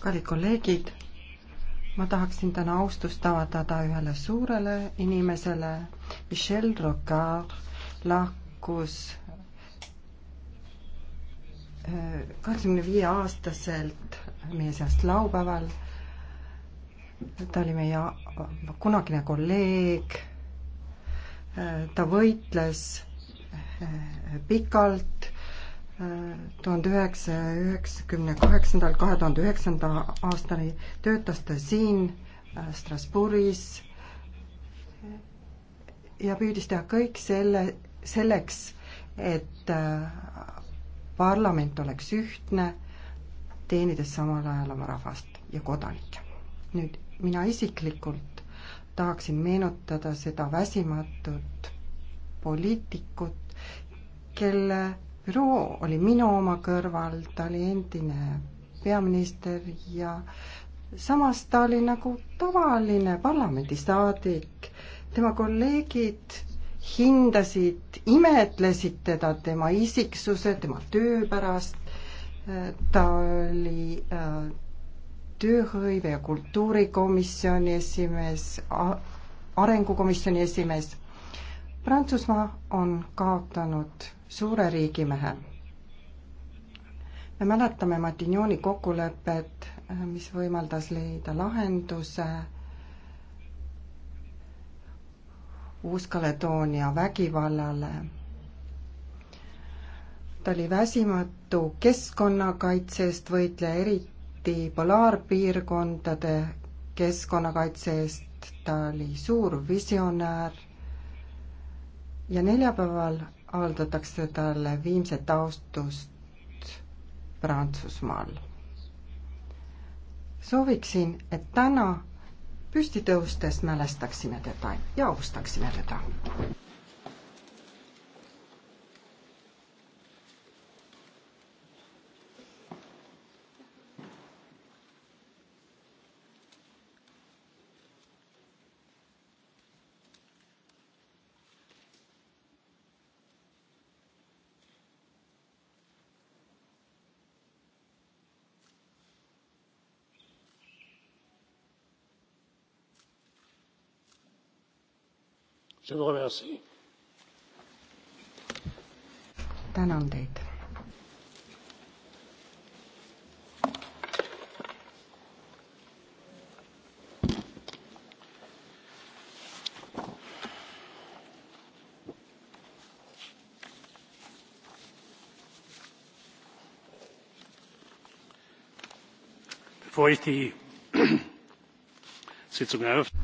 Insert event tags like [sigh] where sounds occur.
kallid kolleegid, ma tahaksin täna austust avaldada ühele suurele inimesele, Michel Rocard lahkus äh, kahekümne viie aastaselt meie seast laupäeval. ta oli meie kunagine kolleeg. Äh, ta võitles äh, pikalt tuhande üheksasaja üheksakümne kaheksandal, kahe tuhande üheksanda aastani töötas ta siin äh, Strasbourgis ja püüdis teha kõik selle, selleks, et äh, parlament oleks ühtne, teenides samal ajal oma rahvast ja kodanikke. nüüd mina isiklikult tahaksin meenutada seda väsimatut poliitikut, kelle büroo oli minu oma kõrval, ta oli endine peaminister ja samas ta oli nagu tavaline parlamendisaadik. tema kolleegid hindasid, imetlesid teda, tema isiksuse, tema töö pärast. ta oli äh, tööhõive ja kultuurikomisjoni esimees, arengukomisjoni esimees Prantsusmaa on kaotanud suure riigimehe. me mäletame Matignoni kokkulepet, mis võimaldas leida lahenduse Uus-Kaledoonia vägivallale. ta oli väsimatu keskkonnakaitse eest võitleja, eriti polaarpiirkondade keskkonnakaitse eest, ta oli suur visionäär ja neljapäeval avaldatakse talle viimset austust Prantsusmaal. sooviksin, et täna püsti tõustes mälestaksime teda ja austaksime teda. tänan teid. bevor ich die [clears throat] sitzung eröffne